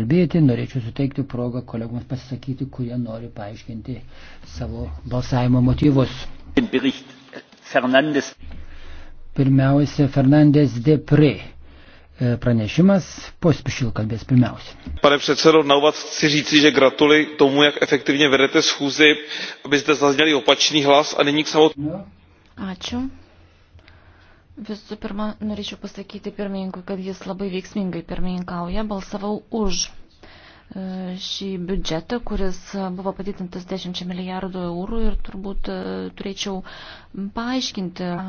kalbėti, norėčiau suteikti progą kolegoms pasisakyti, kurie nori paaiškinti savo balsavimo motyvus. Pirmiausia, Fernandės Depri. E, pranešimas pospišil kalbės pirmiausia. Pane předsedo, na úvod chci říci, že gratuluji tomu, jak efektivně vedete schůzi, abyste zazněli opačný hlas a nyní k samotnému. Ačiū. Visų pirma, norėčiau pasakyti pirmininkui, kad jis labai veiksmingai pirmininkauja. Balsavau už e, šį biudžetą, kuris buvo padidintas 10 milijardų eurų ir turbūt e, turėčiau paaiškinti e,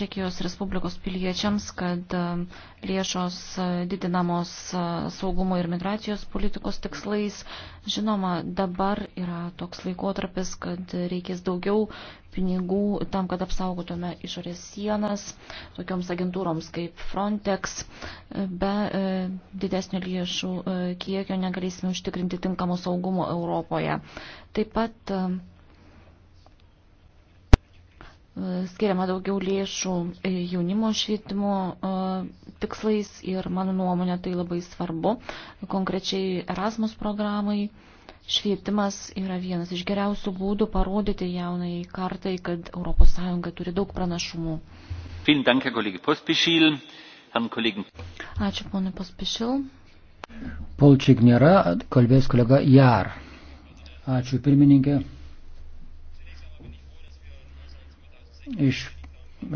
Čekijos Respublikos piliečiams, kad lėšos didinamos saugumo ir migracijos politikos tikslais. Žinoma, dabar yra toks laikotarpis, kad reikės daugiau pinigų tam, kad apsaugotume išorės sienas tokioms agentūroms kaip Frontex. Be e, didesnio lėšų e, kiekio negalėsime užtikrinti tinkamo saugumo Europoje. Taip pat e, skiriama daugiau lėšų jaunimo švietimo tikslais ir mano nuomonė tai labai svarbu, konkrečiai Erasmus programai Švietimas yra vienas iš geriausių būdų parodyti jaunai kartai, kad ES turi daug pranašumų. Ačiū, ponai Pospišil. Polčik nėra, kalbės kolega Jar. Ačiū, pirmininkė. Iš,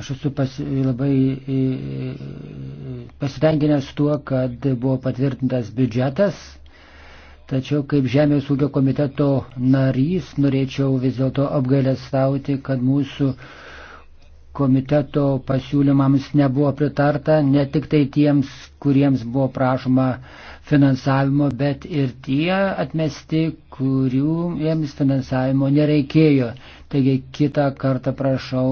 aš esu pasi, labai e, e, e, pasitenkinęs tuo, kad buvo patvirtintas biudžetas Tačiau kaip Žemės ūkio komiteto narys norėčiau vis dėlto apgailestauti, kad mūsų komiteto pasiūlymams nebuvo pritarta, ne tik tai tiems, kuriems buvo prašoma finansavimo, bet ir tie atmesti, kurių jiems finansavimo nereikėjo. Taigi kitą kartą prašau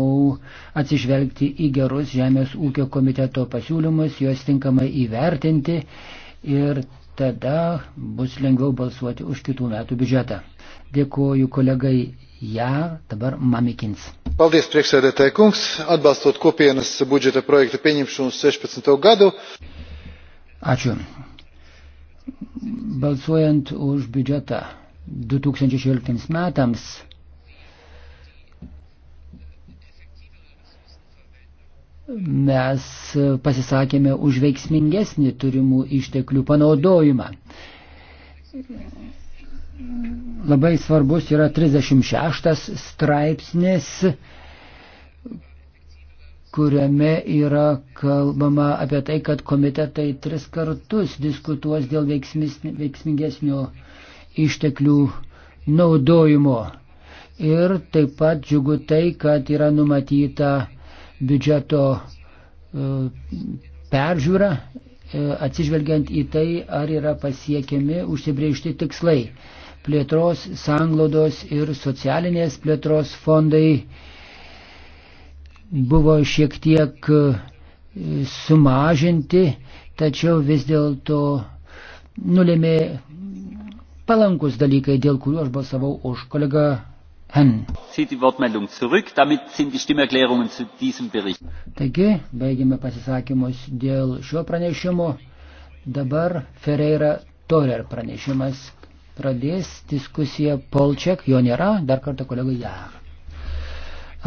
atsižvelgti į gerus Žemės ūkio komiteto pasiūlymus, juos tinkamai įvertinti ir tada bus lengviau balsuoti už kitų metų biudžetą. Dėkuoju kolegai Jar, dabar Mamikins. Paldies, priekšsēdētāji kungs, atbalstot kopienas budžeta projekta pieņemšanu 16. gadu. Ačiū. Balsuojant už biudžetą 2016 metams mes pasisakėme už veiksmingesnį turimų išteklių panaudojimą. Labai svarbus yra 36 straipsnis, kuriame yra kalbama apie tai, kad komitetai tris kartus diskutuos dėl veiksmingesnio išteklių naudojimo. Ir taip pat džiugu tai, kad yra numatyta biudžeto e, peržiūrą, e, atsižvelgiant į tai, ar yra pasiekiami užsibriežti tikslai. Plėtros, sanglodos ir socialinės plėtros fondai buvo šiek tiek e, sumažinti, tačiau vis dėlto nulėmė palankus dalykai, dėl kurių aš balsavau už kolegą Taigi, baigėme pasisakymus dėl šio pranešimo. Dabar Ferreira Torer pranešimas pradės diskusiją Polčiak, jo nėra, dar kartą kolegai Jar.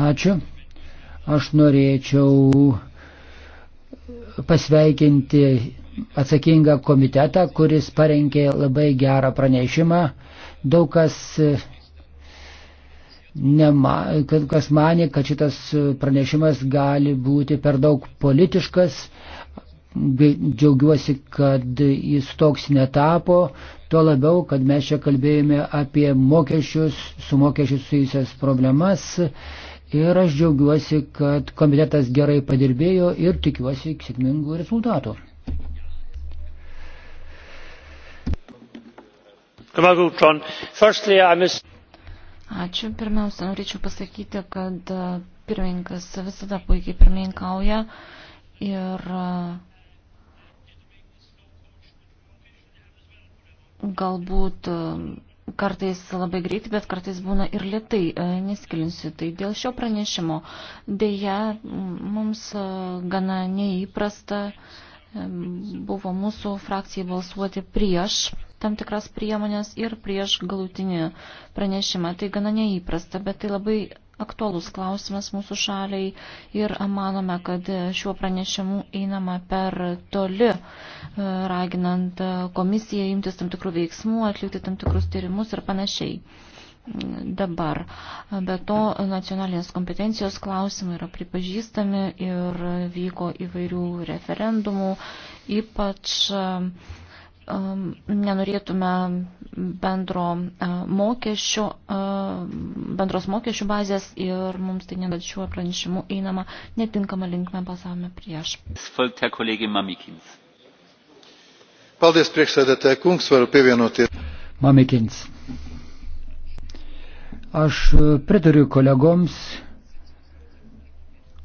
Ačiū. Aš norėčiau pasveikinti atsakingą komitetą, kuris parengė labai gerą pranešimą. Daug kas nema, kad kas manė, kad šitas pranešimas gali būti per daug politiškas. Džiaugiuosi, kad jis toks netapo, tuo labiau, kad mes čia kalbėjome apie mokesčius, su mokesčius susijusias problemas. Ir aš džiaugiuosi, kad komitetas gerai padirbėjo ir tikiuosi sėkmingų rezultatų. Firstly, I must... Ačiū. Pirmiausia, norėčiau pasakyti, kad e, pirmininkas visada puikiai pirmininkauja ir e, galbūt e, kartais labai greitai, bet kartais būna ir lietai, neskilinsiu. Tai dėl šio pranešimo dėja mums gana neįprasta buvo mūsų frakcijai balsuoti prieš tam tikras priemonės ir prieš galutinį pranešimą. Tai gana neįprasta, bet tai labai aktuolus klausimas mūsų šaliai ir manome, kad šiuo pranešimu einama per toli, raginant komisiją imtis tam tikrų veiksmų, atlikti tam tikrus tyrimus ir panašiai. Dabar. Be to, nacionalinės kompetencijos klausimai yra pripažįstami ir vyko įvairių referendumų, ypač uh, nenorėtume bendro mokesčio, bendros mokesčių bazės ir mums tai nedat šiuo pranešimu einama netinkama linkme balsavome prieš. Paldies priekšsēdētāja kungs, varu pievienoties. Mamikins. Aš e, pritariu kolegoms,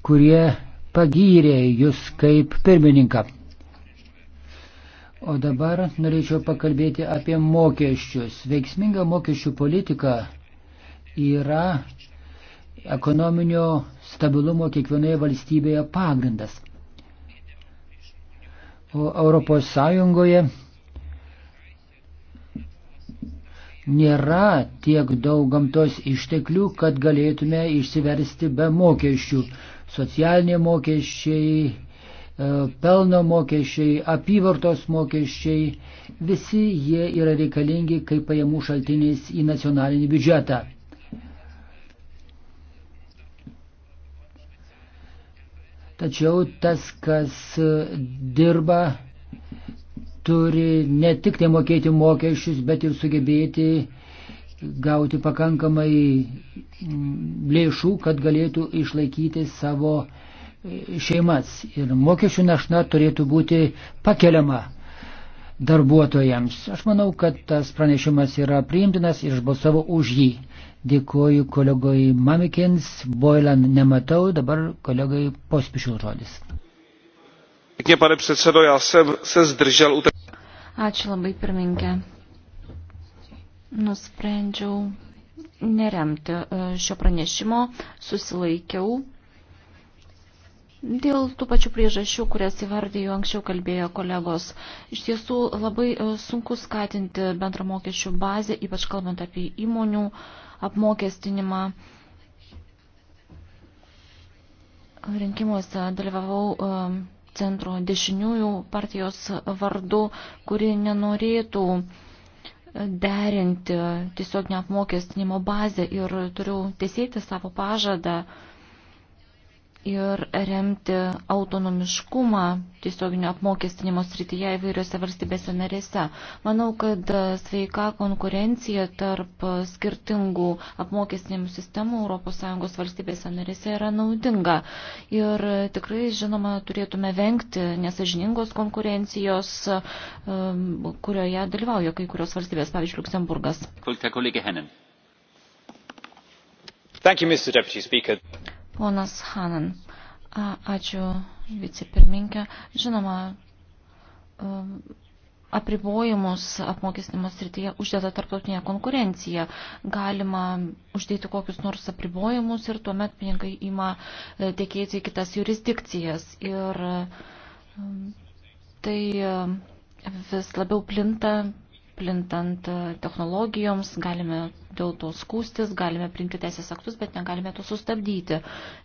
kurie pagyrė jūs kaip pirmininką. O dabar norėčiau pakalbėti apie mokesčius. Veiksminga mokesčių politika yra ekonominio stabilumo kiekvienoje valstybėje pagrindas. O Europos Sąjungoje nėra tiek daug gamtos išteklių, kad galėtume išsiversti be mokesčių. Socialiniai mokesčiai, E, pelno mokesčiai, apyvartos mokesčiai, visi jie yra reikalingi kaip pajamų šaltinis į nacionalinį biudžetą. Tačiau tas, kas dirba, turi ne tik tai mokėti mokesčius, bet ir sugebėti gauti pakankamai mm, lėšų, kad galėtų išlaikyti savo uh, šeimas ir mokesčių našta turėtų būti pakeliama darbuotojams. Aš manau, kad tas pranešimas yra priimtinas ir aš balsavau už jį. Dėkuoju kolegoj Mamikins, Boilan nematau, dabar kolegai pospišil žodis. Ačiū labai pirmininkė. Nusprendžiau neremti e, šio pranešimo, susilaikiau Dėl tų pačių priežasčių, kurias įvardėjo anksčiau kalbėjo kolegos, iš tiesų labai e, sunku skatinti bendrą mokesčių bazę, ypač kalbant apie įmonių apmokestinimą. Rinkimuose dalyvavau e, centro dešiniųjų partijos vardu, kuri nenorėtų derinti tiesiog neapmokestinimo bazę ir turiu tiesėti savo pažadą ir remti autonomiškumą tiesioginio apmokestinimo srityje įvairiose valstybėse narėse. Manau, kad sveika konkurencija tarp skirtingų apmokestinimų sistemų ES valstybėse narėse yra naudinga. Ir tikrai, žinoma, turėtume vengti nesažiningos konkurencijos, um, kurioje dalyvauja kai kurios valstybės, pavyzdžiui, Luksemburgas. Thank you, Mr. Deputy Speaker. Ponas Hanan, ačiū vicepirminkė. Žinoma, um, apribojimus apmokestinimo srityje uždeda tarptautinė konkurencija. Galima uždėti kokius nors apribojimus ir tuomet pinigai ima e, tekėti į kitas jurisdikcijas. Ir um, tai e, vis labiau plinta plintant technologijoms, galime dėl to skūstis, galime priimti teisės aktus, bet negalime to sustabdyti.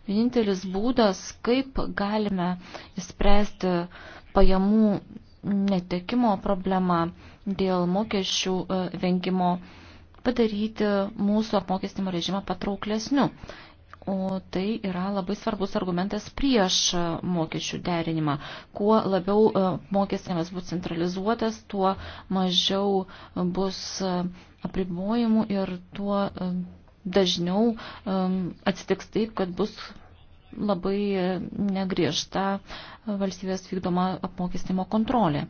Vienintelis būdas, kaip galime įspręsti pajamų netekimo problemą dėl mokesčių e, vengimo, padaryti mūsų apmokestimo režimą patrauklesniu. O tai yra labai svarbus argumentas prieš e, mokesčių derinimą. Kuo labiau e, mokestėmis bus centralizuotas, tuo mažiau e, bus apribojimų ir tuo dažniau atsitiks taip, kad bus labai negriežta valstybės vykdoma apmokestimo kontrolė.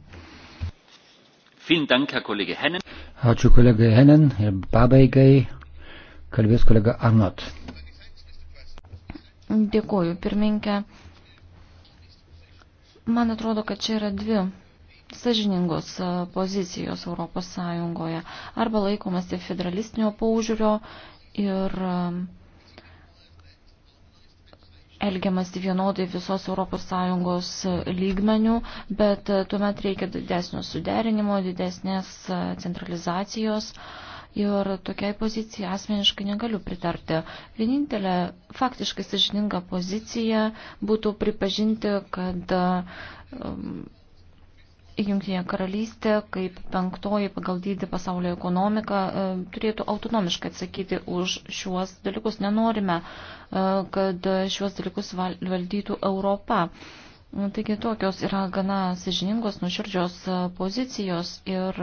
Ačiū kolegai Henin ir pabaigai kalbės kolega Arnot. Dėkuoju, pirminkė. Man atrodo, kad čia yra dvi sažiningos pozicijos Europos Sąjungoje. Arba laikomasi federalistinio paužiūrio ir elgiamasi vienodai visos ES lygmenių, bet tuomet reikia didesnio suderinimo, didesnės centralizacijos. Uh, Ir tokiai pozicijai asmeniškai negaliu pritarti. Vienintelė faktiškai sažininga pozicija būtų pripažinti, kad um, Junktinė karalystė, kaip penktoji pagal dydį pasaulio ekonomika, e, turėtų autonomiškai atsakyti už šiuos dalykus. Nenorime, e, kad šiuos dalykus valdytų Europa. Taigi tokios yra gana sažiningos, nuširdžios e, pozicijos ir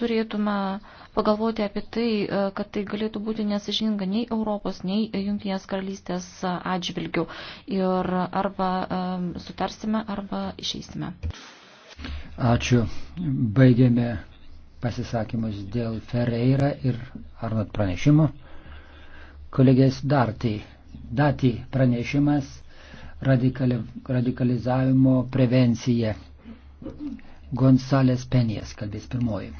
turėtume pagalvoti apie tai, e, kad tai galėtų būti nesažininga nei Europos, nei Junktinės karalystės atžvilgių. Ir arba e, sutarsime, arba išeisime. Ačiū. Baigėme pasisakymus dėl Ferreira ir Arnot pranešimo. Kolegės Dartai. Dati pranešimas radikalizavimo prevencija. Gonzalės Penijas kalbės pirmoji.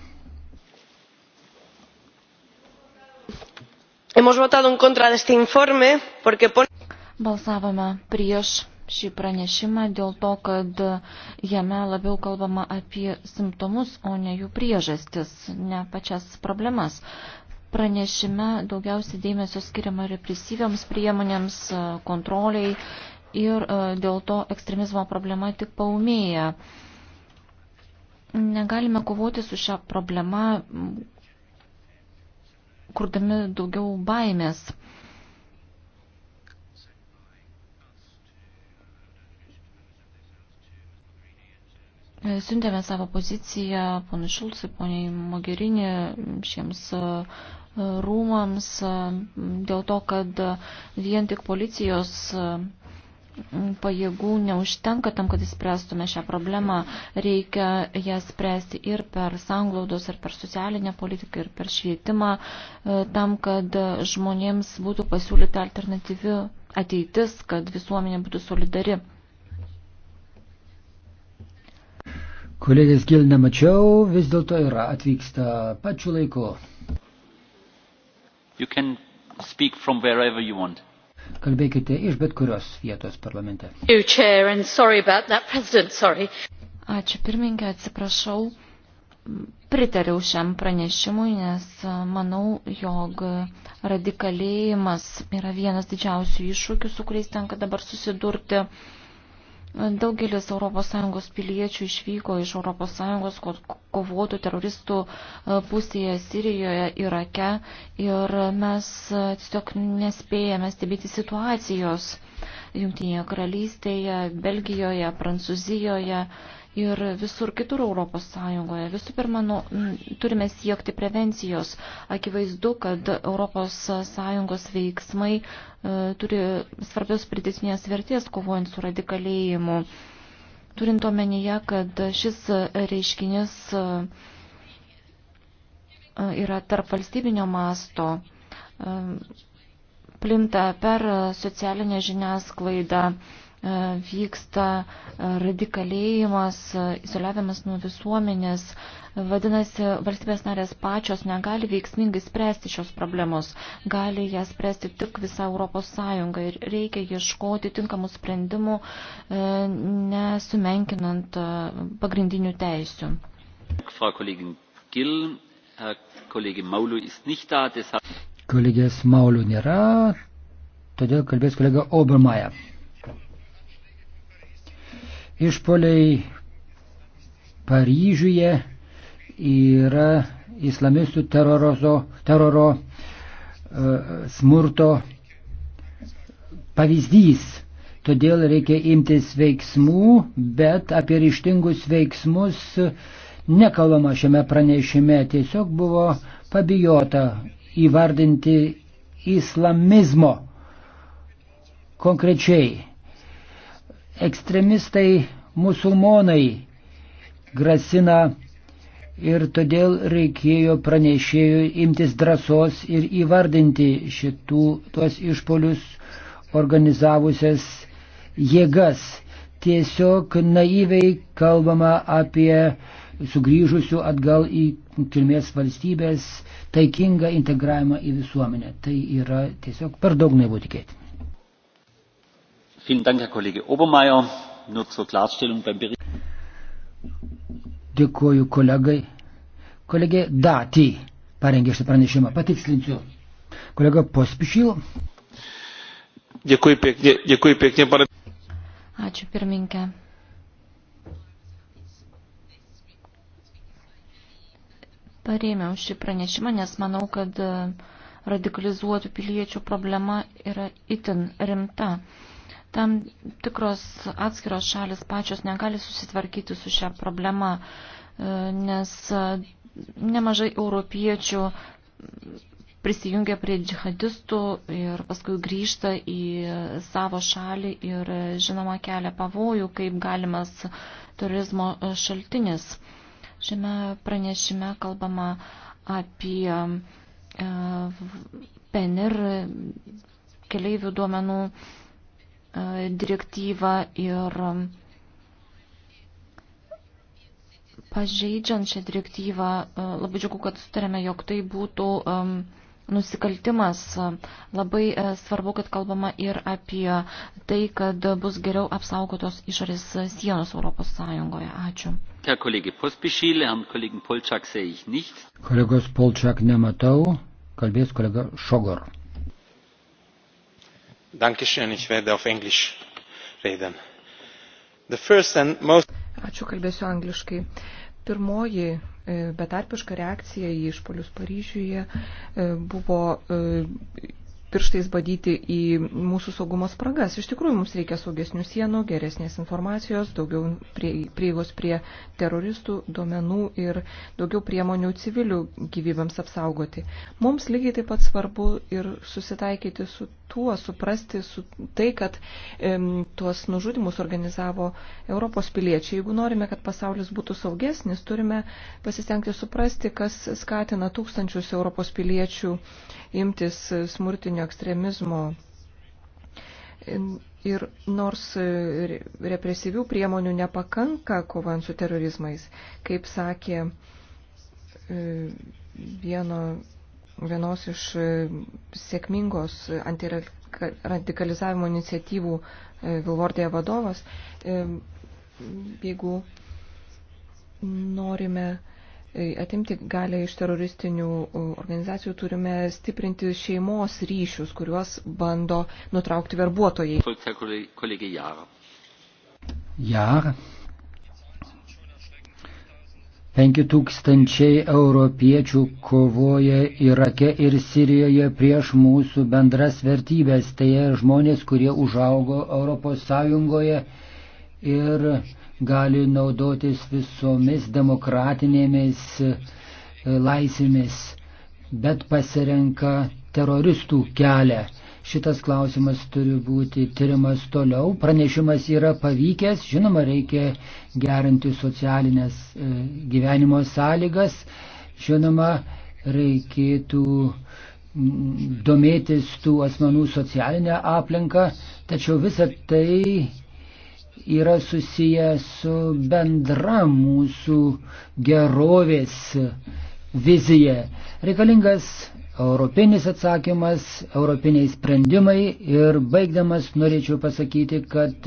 Hemos votado en contra de este informe porque pone... Balsavome prieš šį pranešimą dėl to, kad jame labiau kalbama apie simptomus, o ne jų priežastis, ne pačias problemas. Pranešime daugiausiai dėmesio skiriama represyviams priemonėms, kontroliai ir e, dėl to ekstremizmo problema tik paumėja. Negalime kovoti su šią problemą, kurdami daugiau baimės. Siuntėme savo poziciją ponui Šulcui, poniai Mogerinė, šiems e, rūmams, e, dėl to, kad vien tik policijos e, pajėgų neužtenka tam, kad įspręstume šią problemą. Reikia ją spręsti ir per sanglaudos, ir per socialinę politiką, ir per švietimą, e, tam, kad žmonėms būtų pasiūlyta alternatyvi ateitis, kad visuomenė būtų solidari. Kolegės Gil nemačiau, vis dėlto yra atvyksta pačiu laiku. You can speak from wherever you want. Kalbėkite iš bet kurios vietos parlamente. Ačiū pirmininkė, atsiprašau. Pritariau šiam pranešimui, nes manau, jog radikalėjimas yra vienas didžiausių iššūkių, su kuriais tenka dabar susidurti Daugelis ES piliečių išvyko iš ES, kad kovotų teroristų e, pusėje Sirijoje, Irake ir mes e, tiesiog nespėjame stebėti situacijos Junktinėje karalystėje, Belgijoje, Prancūzijoje ir visur kitur Europos Sąjungoje. Visų pirma, nu, turime siekti prevencijos. Akivaizdu, kad Europos Sąjungos veiksmai e, turi svarbios pridėtinės vertės kovojant su radikalėjimu. Turint omenyje, kad šis reiškinis e, yra tarp valstybinio masto, e, plinta per socialinę žiniasklaidą, E, vyksta radikalėjimas, e, izoliavimas nuo visuomenės. Vadinasi, valstybės narės pačios negali veiksmingai spręsti šios problemos, gali ją spręsti tik visa Europos Sąjunga ir reikia ieškoti tinkamų sprendimų, e, nesumenkinant pagrindinių teisių. Kolegės Maulių nėra, todėl kalbės kolega Obermaja. Išpoliai Paryžiuje yra islamistų terorozo, teroro e, smurto pavyzdys. Todėl reikia imtis veiksmų, bet apie ryštingus veiksmus nekalbama šiame pranešime. Tiesiog buvo pabijota įvardinti islamizmo konkrečiai ekstremistai musulmonai grasina ir todėl reikėjo pranešėjų imtis drąsos ir įvardinti šitų tuos išpolius organizavusias jėgas. Tiesiog naiviai kalbama apie sugrįžusių atgal į kilmės valstybės taikingą integravimą į visuomenę. Tai yra tiesiog per daug naivu tikėti. Dėkuoju kolegai. Kolegė Dati parengė šitą pranešimą. Patikslinsiu. Kolega Pospišil. Dėkuoju pėknė, dėkuoju pėknė, pane. Ačiū pirminkė. Parėmiau šį pranešimą, nes manau, kad radikalizuotų piliečių problema yra itin rimta. Tam tikros atskiros šalis pačios negali susitvarkyti su šią problemą, e, nes e, nemažai europiečių prisijungia prie džihadistų ir paskui grįžta į savo šalį ir e, žinoma kelia pavojų, kaip galimas turizmo šaltinis. Šiame pranešime kalbama apie PNR keleivių duomenų direktyvą ir pažeidžiant šią direktyvą, e, labai džiugu, kad sutarėme, jog tai būtų nusikaltimas. Labai e, svarbu, kad kalbama ir apie tai, kad bus geriau apsaugotos išorės sienos Europos Sąjungoje. Ačiū. Kolegos Polčak nematau, kalbės kolega Šogor. Ich werde auf Englisch reden. The first and most... Ačiū, kalbėsiu angliškai. Pirmoji e, betarpiška reakcija į išpolius Paryžiuje e, buvo e, pirštais badyti į mūsų saugumo spragas. Iš tikrųjų, mums reikia saugesnių sienų, geresnės informacijos, daugiau prie, prieigos prie teroristų duomenų ir daugiau priemonių civilių gyvybėms apsaugoti. Mums lygiai taip pat svarbu ir susitaikyti su tuo, suprasti su tai, kad em, tuos nužudimus organizavo Europos piliečiai. Jeigu norime, kad pasaulis būtų saugesnis, turime pasistengti suprasti, kas skatina tūkstančius Europos piliečių imtis smurtinio dešinio ekstremizmo. Ir nors represyvių priemonių nepakanka kovant su terorizmais, kaip sakė e, vieno, vienos iš e, sėkmingos antiradikalizavimo iniciatyvų e, Vilvordėje vadovas, jeigu norime atimti galę iš teroristinių organizacijų, turime stiprinti šeimos ryšius, kuriuos bando nutraukti verbuotojai. Jar. 5000 europiečių kovoja Irake ir Sirijoje prieš mūsų bendras vertybės. Tai žmonės, kurie užaugo Europos Sąjungoje ir gali naudotis visomis demokratinėmis e, laisvėmis, bet pasirenka teroristų kelią. Šitas klausimas turi būti tyrimas toliau. Pranešimas yra pavykęs, žinoma, reikia gerinti socialinės e, gyvenimo sąlygas, žinoma, reikėtų mm, domėtis tų asmenų socialinę aplinką, tačiau visa tai yra susiję su bendra mūsų gerovės vizija. Reikalingas europinis atsakymas, europiniai sprendimai ir baigdamas norėčiau pasakyti, kad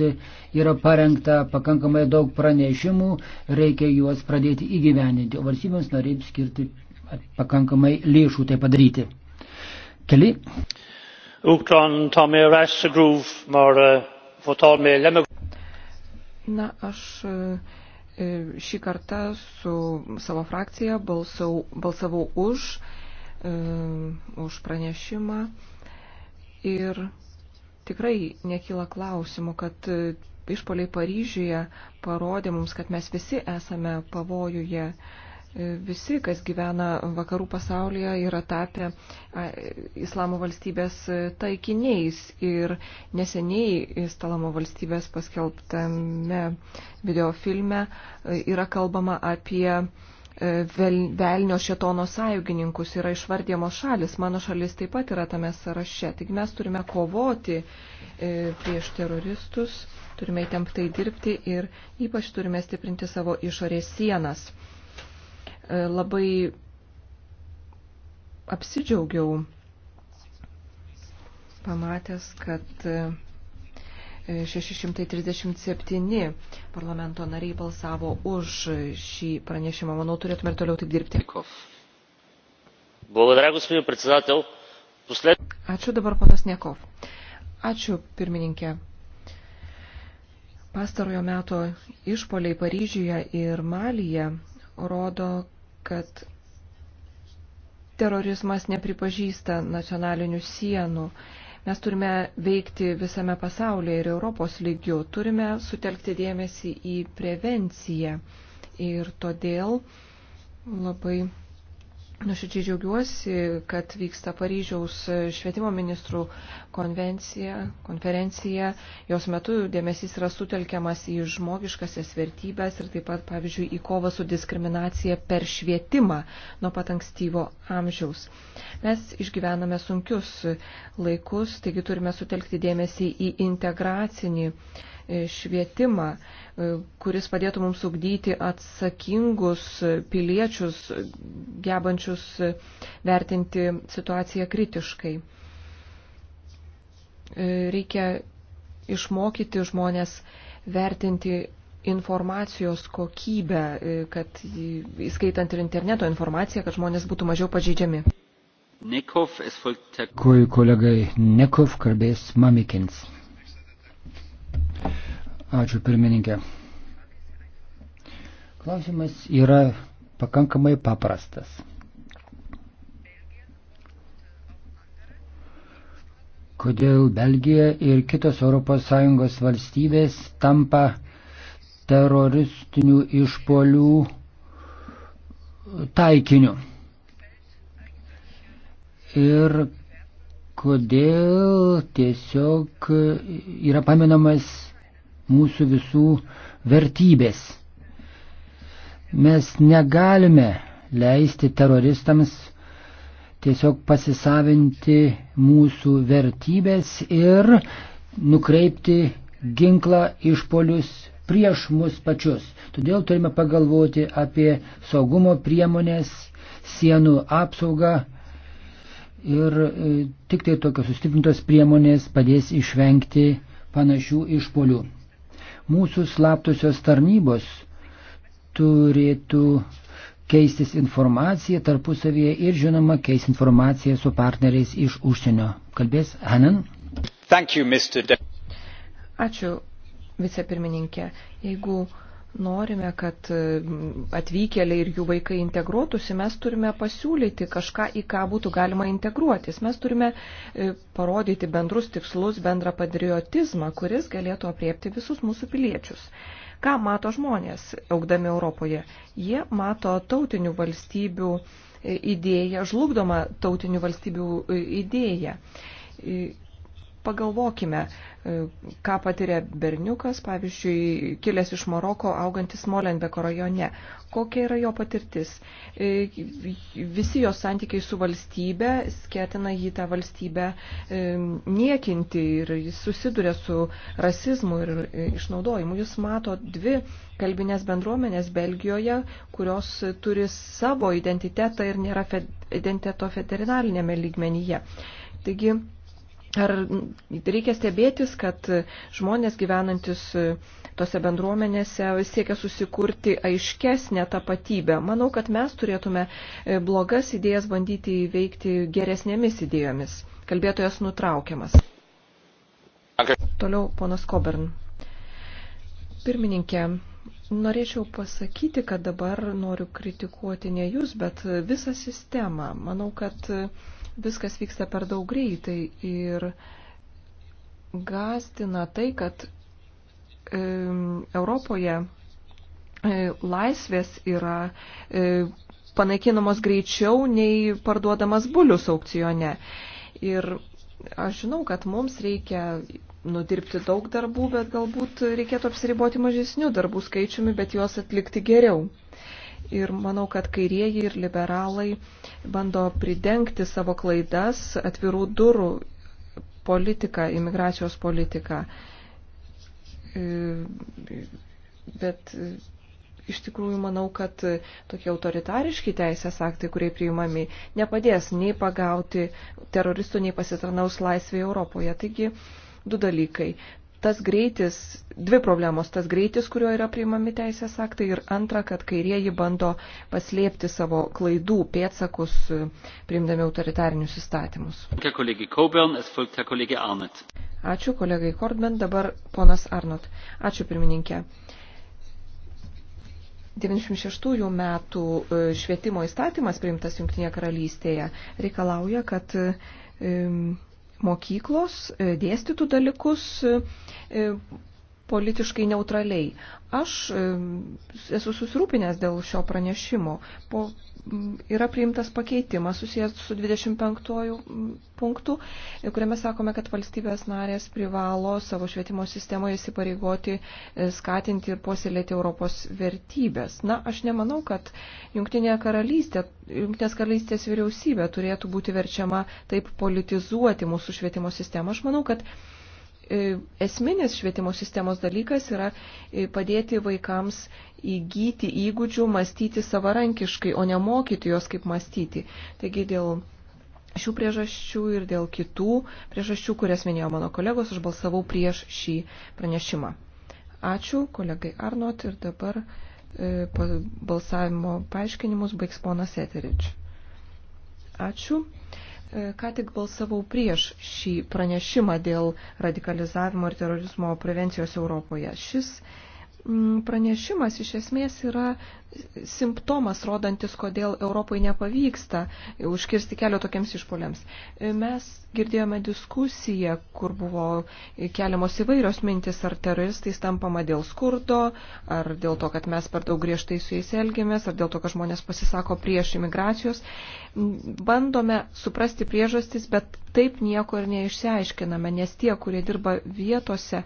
yra parengta pakankamai daug pranešimų, reikia juos pradėti įgyveninti, o valstybėms norėjim skirti pakankamai lėšų tai padaryti. Keli. Ukran, Tommy Rash, Groove, Mara, Fotal, Lemon. Na, aš e, e, šį kartą su savo frakcija balsau, balsavau už, e, už pranešimą ir tikrai nekyla klausimų, kad išpoliai Paryžiuje parodė mums, kad mes visi esame pavojuje Visi, kas gyvena vakarų pasaulyje, yra tapę islamo valstybės taikiniais ir neseniai islamo valstybės paskelbtame videofilme e, yra kalbama apie e, velnio šetono sąjungininkus yra išvardyjamos šalis, mano šalis taip pat yra tame sąraše. Tik mes turime kovoti e, prieš teroristus, turime įtemptai dirbti ir ypač turime stiprinti savo išorės sienas. E, labai apsidžiaugiau pamatęs, kad 637 e, parlamento nariai balsavo už šį pranešimą. Manau, turėtume ir toliau taip dirbti. Ačiū dabar panas Niekov. Ačiū pirmininkė. Pastarojo meto išpoliai Paryžiuje ir Malyje rodo, kad terorizmas nepripažįsta nacionalinių sienų. Mes turime veikti visame pasaulyje ir Europos lygiu. Turime sutelkti dėmesį į prevenciją. Ir todėl labai Nuoširdžiai džiaugiuosi, kad vyksta Paryžiaus švietimo ministrų konferencija. Jos metu dėmesys yra sutelkiamas į žmogiškasias vertybės ir taip pat, pavyzdžiui, į kovą su diskriminacija per švietimą nuo pat ankstyvo amžiaus. Mes išgyvename sunkius laikus, taigi turime sutelkti dėmesį į integracinį švietimą, e, kuris padėtų mums ugdyti atsakingus piliečius, gebančius vertinti situaciją kritiškai. E, reikia išmokyti žmonės vertinti informacijos kokybę, e, kad įskaitant ir interneto informaciją, kad žmonės būtų mažiau pažeidžiami. Nekov, es folgt... Kui kolegai Nekov kalbės Mamikins. Ačiū pirmininkė. Klausimas yra pakankamai paprastas. Kodėl Belgija ir kitos ES valstybės tampa teroristinių išpolių taikiniu. Ir kodėl tiesiog yra paminamas mūsų visų vertybės. Mes negalime leisti teroristams tiesiog pasisavinti mūsų vertybės ir nukreipti ginklą išpolius prieš mus pačius. Todėl turime pagalvoti apie saugumo priemonės, sienų apsaugą ir e, tik tai tokios sustiprintos priemonės padės išvengti panašių išpolių. Mūsų slaptosios tarnybos turėtų keistis informaciją tarpusavėje ir, žinoma, keis informaciją su partneriais iš užsienio. Kalbės Hanan. Ačiū, vicepirmininkė. Jeigu uh, norime, kad e, atvykėliai ir jų vaikai integruotųsi, mes turime pasiūlyti kažką, į ką būtų galima integruotis. Mes turime e, parodyti bendrus tikslus, bendrą patriotizmą, kuris galėtų apriepti visus mūsų piliečius. Ką mato žmonės, augdami Europoje? Jie mato tautinių valstybių e, idėją, žlugdomą tautinių valstybių idėją Pagalvokime, e, ką patiria berniukas, pavyzdžiui, kilęs iš Maroko, augantis Molenbeko rajone. Kokia yra jo patirtis? E, visi jo santykiai su valstybe skėtina jį tą valstybę e, niekinti ir jis susiduria su rasizmu ir išnaudojimu. Jūs mato dvi kalbinės bendruomenės Belgijoje, kurios turi savo identitetą ir nėra identiteto federalinėme lygmenyje. Taigi, Ar reikia stebėtis, kad žmonės gyvenantis tose bendruomenėse siekia susikurti aiškesnę tapatybę? Manau, kad mes turėtume e, blogas idėjas bandyti įveikti geresnėmis idėjomis. Kalbėtojas nutraukiamas. Toliau ponas Kobern. Pirmininkė, Norėčiau pasakyti, kad dabar noriu kritikuoti ne jūs, bet visą sistemą. Manau, kad viskas vyksta per daug greitai ir gazdina tai, kad e, Europoje e, laisvės yra e, panaikinamos greičiau nei parduodamas bulius aukcione. Ir aš žinau, kad mums reikia nudirbti daug darbų, bet galbūt reikėtų apsiriboti mažesnių darbų skaičiumi, bet juos atlikti geriau. Ir manau, kad kairieji ir liberalai bando pridengti savo klaidas atvirų durų politiką, imigracijos politiką. E, bet e, iš tikrųjų manau, kad tokie autoritariški teisės aktai, kurie priimami, nepadės nei pagauti teroristų, nei pasitarnaus laisvėje Europoje. Taigi du dalykai. Tas greitis, dvi problemos, tas greitis, kuriuo yra priimami teisės aktai ir antra, kad kairieji bando paslėpti savo klaidų pėtsakus e, priimdami autoritarinius įstatymus. Ačiū kolegai Kordben, dabar ponas Arnot. Ačiū pirmininkė. 96 metų e, švietimo įstatymas priimtas Junktinėje karalystėje reikalauja, kad um, mokyklos e, dėstytų dalykus e, politiškai neutraliai. Aš esu susirūpinęs dėl šio pranešimo. Po, yra priimtas pakeitimas susijęs su 25 punktu, kuriame sakome, kad valstybės narės privalo savo švietimo sistemoje įsipareigoti e, skatinti ir puoselėti Europos vertybės. Na, aš nemanau, kad Junktinė karalystė, Junktinės karalystės vyriausybė turėtų būti verčiama taip politizuoti mūsų švietimo sistemą. Aš manau, kad E, esminis švietimo sistemos dalykas yra e, padėti vaikams įgyti įgūdžių mąstyti savarankiškai, o ne mokyti jos kaip mąstyti. Taigi dėl šių priežasčių ir dėl kitų priežasčių, kurias minėjo mano kolegos, aš balsavau prieš šį pranešimą. Ačiū kolegai Arnot ir dabar e, balsavimo paaiškinimus baigs ponas Eterič. Ačiū. E, ką tik balsavau prieš šį pranešimą dėl radikalizavimo ir terorizmo prevencijos Europoje. Šis Mm, pranešimas iš esmės yra simptomas, rodantis, kodėl Europai nepavyksta užkirsti kelio tokiems išpoliams. E, mes girdėjome diskusiją, kur buvo keliamos įvairios mintis, ar teroristais tampama dėl skurdo, ar dėl to, kad mes per daug griežtai su jais elgiamės, ar dėl to, kad žmonės pasisako prieš imigracijos. Mm, bandome suprasti priežastis, bet taip nieko ir neišsiaiškiname, nes tie, kurie dirba vietose,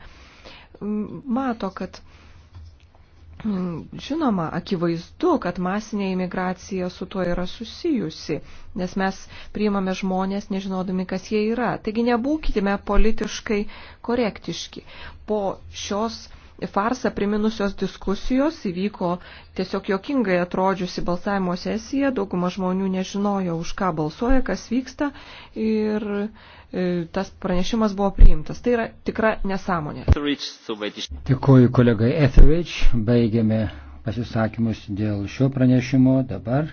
mm, mato, kad Mm, žinoma, akivaizdu, kad masinė imigracija su tuo yra susijusi, nes mes priimame žmonės nežinodami, kas jie yra. Taigi nebūkime politiškai korektiški. Po šios farsą priminusios diskusijos įvyko tiesiog jokingai atrodžiusi balsavimo sesija, dauguma žmonių nežinojo, už ką balsuoja, kas vyksta ir e, tas pranešimas buvo priimtas. Tai yra tikra nesąmonė. Dėkuoju kolegai Etheridge, baigėme pasisakymus dėl šio pranešimo dabar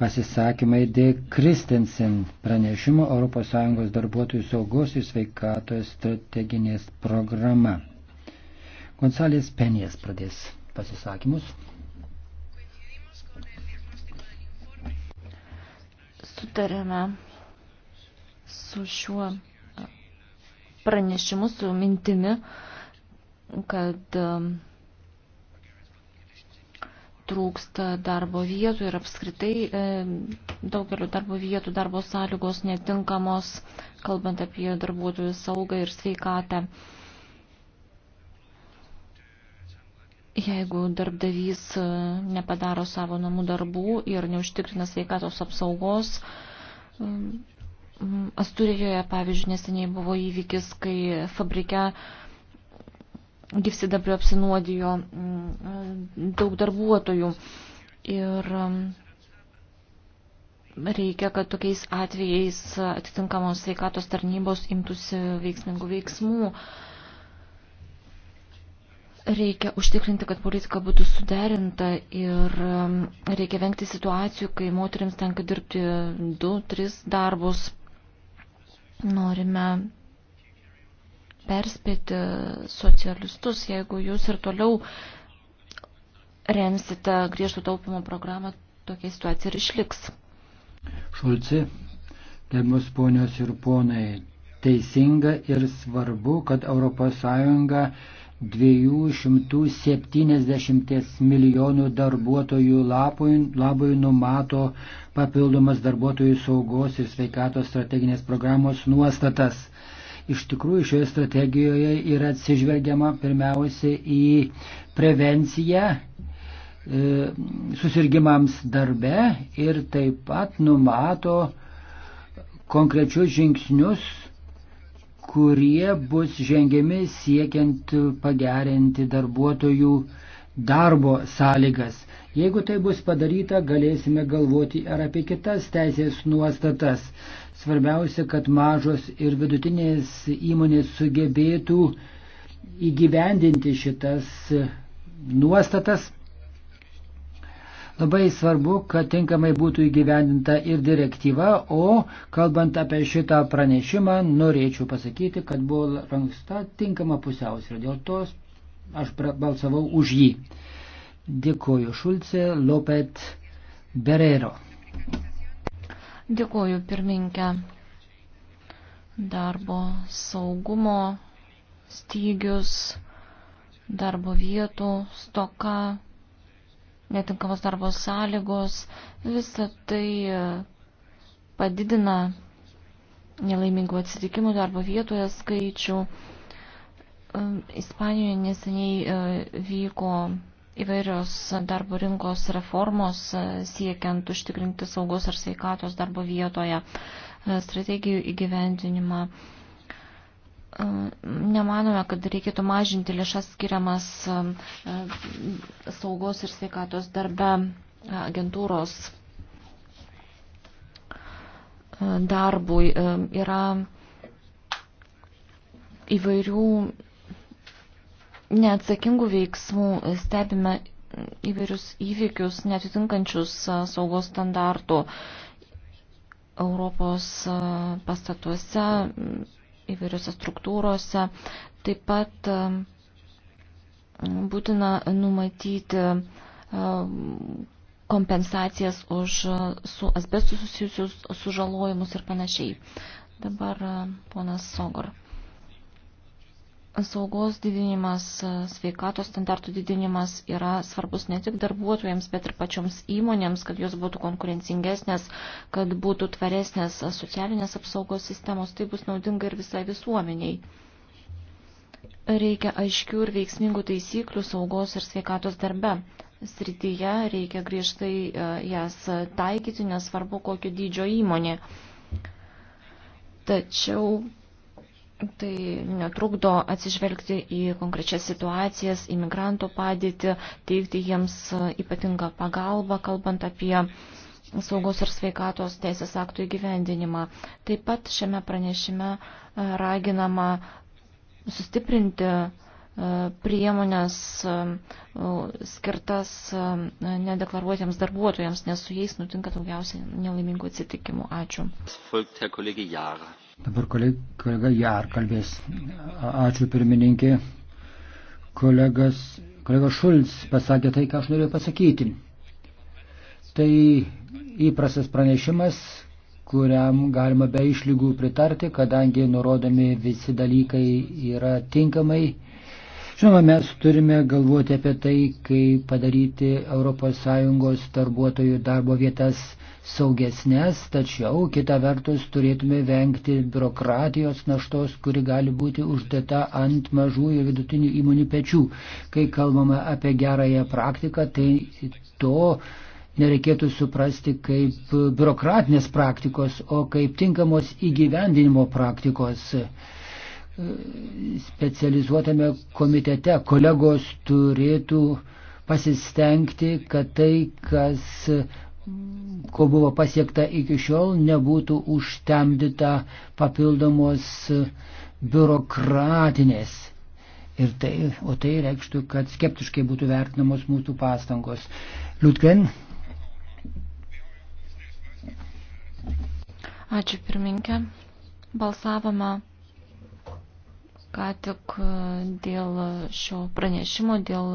pasisakymai D. Kristensen pranešimo ES darbuotojų saugos ir sveikatos strateginės programa. Gonzalės Penijas pradės pasisakymus. Sutarėme su šiuo pranešimu, su mintimi, kad um, trūksta darbo vietų ir apskritai um, daugeliu darbo vietų darbo sąlygos netinkamos, kalbant apie darbuotojų saugą ir sveikatą. Jeigu darbdavys e, nepadaro savo namų darbų ir neužtikrina sveikatos apsaugos, e, Asturijoje, pavyzdžiui, neseniai buvo įvykis, kai fabrike gyvsidabrio apsinuodijo e, daug darbuotojų. Ir reikia, kad tokiais atvejais atitinkamos sveikatos tarnybos imtųsi veiksmingų veiksmų. veiksmų Reikia užtikrinti, kad politika būtų suderinta ir um, reikia vengti situacijų, kai moteriams tenka dirbti du, tris darbus. Norime perspėti socialistus, jeigu jūs ir toliau remsite griežtų taupimo programą, tokia situacija ir išliks. Šulci, gerbiamus ponios ir ponai, teisinga ir svarbu, kad ES 270 milijonų darbuotojų labui, labui numato papildomas darbuotojų saugos ir sveikatos strateginės programos nuostatas. Iš tikrųjų, šioje strategijoje yra atsižvelgiama pirmiausia į prevenciją e, susirgymams darbe ir taip pat numato konkrečius žingsnius kurie bus žengiami siekiant pagerinti darbuotojų darbo sąlygas. Jeigu tai bus padaryta, galėsime galvoti ir apie kitas teisės nuostatas. Svarbiausia, kad mažos ir vidutinės įmonės sugebėtų įgyvendinti šitas nuostatas Labai svarbu, kad tinkamai būtų įgyvendinta ir direktyva, o kalbant apie šitą pranešimą, norėčiau pasakyti, kad buvo ranksta tinkama pusiausvė. Dėl to aš balsavau už jį. Dėkuoju Šulce Lopet Berero. Dėkuoju pirminkę. Darbo saugumo stygius, darbo vietų stoka netinkamos darbo sąlygos, visa tai e, padidina nelaimingų atsitikimų darbo vietoje skaičių. E, Ispanijoje neseniai e, vyko įvairios darbo rinkos reformos siekiant užtikrinti saugos ar sveikatos darbo vietoje strategijų įgyvendinimą nemanome, kad reikėtų mažinti lėšas skiriamas um, uh, saugos ir sveikatos darbe uh, agentūros uh, darbui. Um, yra įvairių neatsakingų veiksmų, stebime įvairius įvykius, netitinkančius saugos standartų Europos pastatuose įvairiose struktūrose. Taip pat um, būtina numatyti um, kompensacijas už su asbestu susijusius sužalojimus ir panašiai. Dabar um, ponas Sogor saugos didinimas, sveikatos standartų didinimas yra svarbus ne tik darbuotojams, bet ir pačioms įmonėms, kad jos būtų konkurencingesnės, kad būtų tvaresnės socialinės apsaugos sistemos, tai bus naudinga ir visai visuomeniai. Reikia aiškių ir veiksmingų taisyklių saugos ir sveikatos darbe. Srityje reikia griežtai e, jas taikyti, nesvarbu kokio dydžio įmonė. Tačiau Tai netrukdo atsižvelgti į konkrečias situacijas, imigrantų padėtį, teikti jiems ypatingą pagalbą, kalbant apie saugos ir sveikatos teisės aktų įgyvendinimą. Taip pat šiame pranešime e, raginama sustiprinti e, priemonės e, skirtas nedeklaruotiems darbuotojams, nes su jais nutinka daugiausiai nelaimingų atsitikimų. Ačiū. Dabar kolega Jar kalbės. Ačiū pirmininkė. Kolegas, kolega Šulc pasakė tai, ką aš norėjau pasakyti. Tai įprastas pranešimas, kuriam galima be išlygų pritarti, kadangi nurodomi visi dalykai yra tinkamai Žinoma, mes turime galvoti apie tai, kaip padaryti ES darbuotojų darbo vietas saugesnės, tačiau kita vertus turėtume vengti biurokratijos naštos, kuri gali būti uždėta ant mažų ir vidutinių įmonių pečių. Kai kalbama apie gerąją praktiką, tai to nereikėtų suprasti kaip biurokratinės praktikos, o kaip tinkamos įgyvendinimo praktikos specializuotame komitete kolegos turėtų pasistengti, kad tai, kas ko buvo pasiekta iki šiol, nebūtų užtemdyta papildomos biurokratinės. Ir tai, o tai reikštų, kad skeptiškai būtų vertinamos mūsų pastangos. Liutken. Ačiū pirminkė. Balsavome ką tik e, dėl šio pranešimo, dėl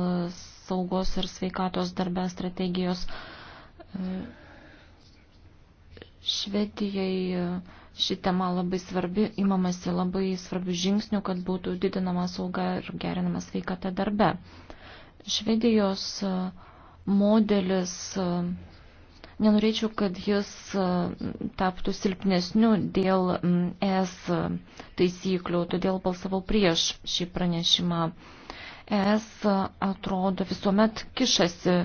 saugos ir sveikatos darbę strategijos e, Švedijai e, ši tema labai svarbi, imamasi labai svarbių žingsnių, kad būtų didinama sauga ir gerinama sveikata darbe. Švedijos modelis Nenorėčiau, kad jis taptų silpnesniu dėl ES taisyklių, todėl balsavau prieš šį pranešimą. ES atrodo visuomet kišasi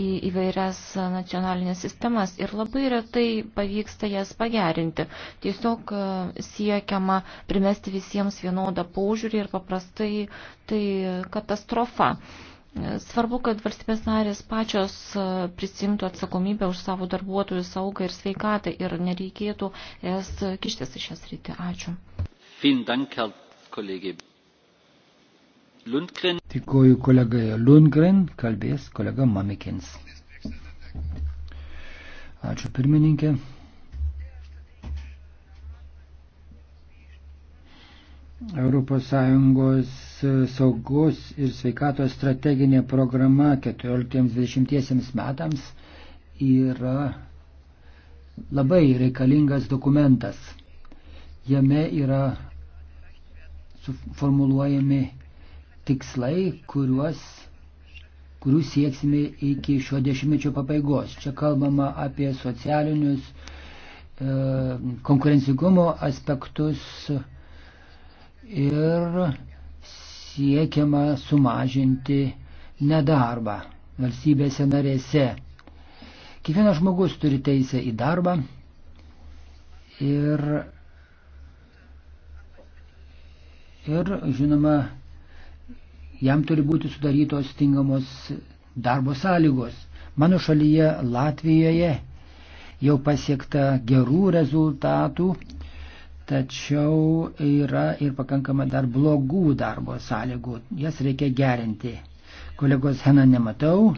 į įvairias nacionalinės sistemas ir labai retai pavyksta jas pagerinti. Tiesiog siekiama primesti visiems vienodą paužiūrį ir paprastai tai katastrofa. Svarbu, kad valstybės narės pačios e, prisimtų atsakomybę už savo darbuotojų saugą ir sveikatą ir nereikėtų es kištis į šią sritį. Ačiū. Tikoju kolegai Lundgren, kalbės kolega Mamikins. Ačiū pirmininkė. ES e, saugos ir sveikatos strateginė programa 14-20 metams yra labai reikalingas dokumentas. Jame yra suformuluojami tikslai, kuriuos kurių sieksime iki šio dešimtmečio pabaigos. Čia kalbama apie socialinius, e, konkurencingumo aspektus, e, ir siekiama sumažinti nedarbą valstybėse narėse. Kiekvienas žmogus turi teisę į darbą ir, ir žinoma, jam turi būti sudarytos tingamos darbo sąlygos. Mano šalyje Latvijoje jau pasiekta gerų rezultatų tačiau yra ir pakankamai dar blogų darbo sąlygų, jas reikia gerinti. Kolegos Hena nematau.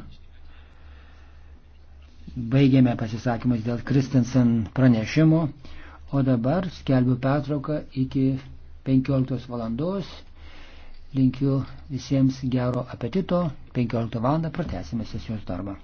Baigėme pasisakymus dėl Kristensen pranešimo, o dabar skelbiu pertrauką iki 15 valandos. Linkiu visiems gero apetito. 15 val. pratęsime sesijos darbą.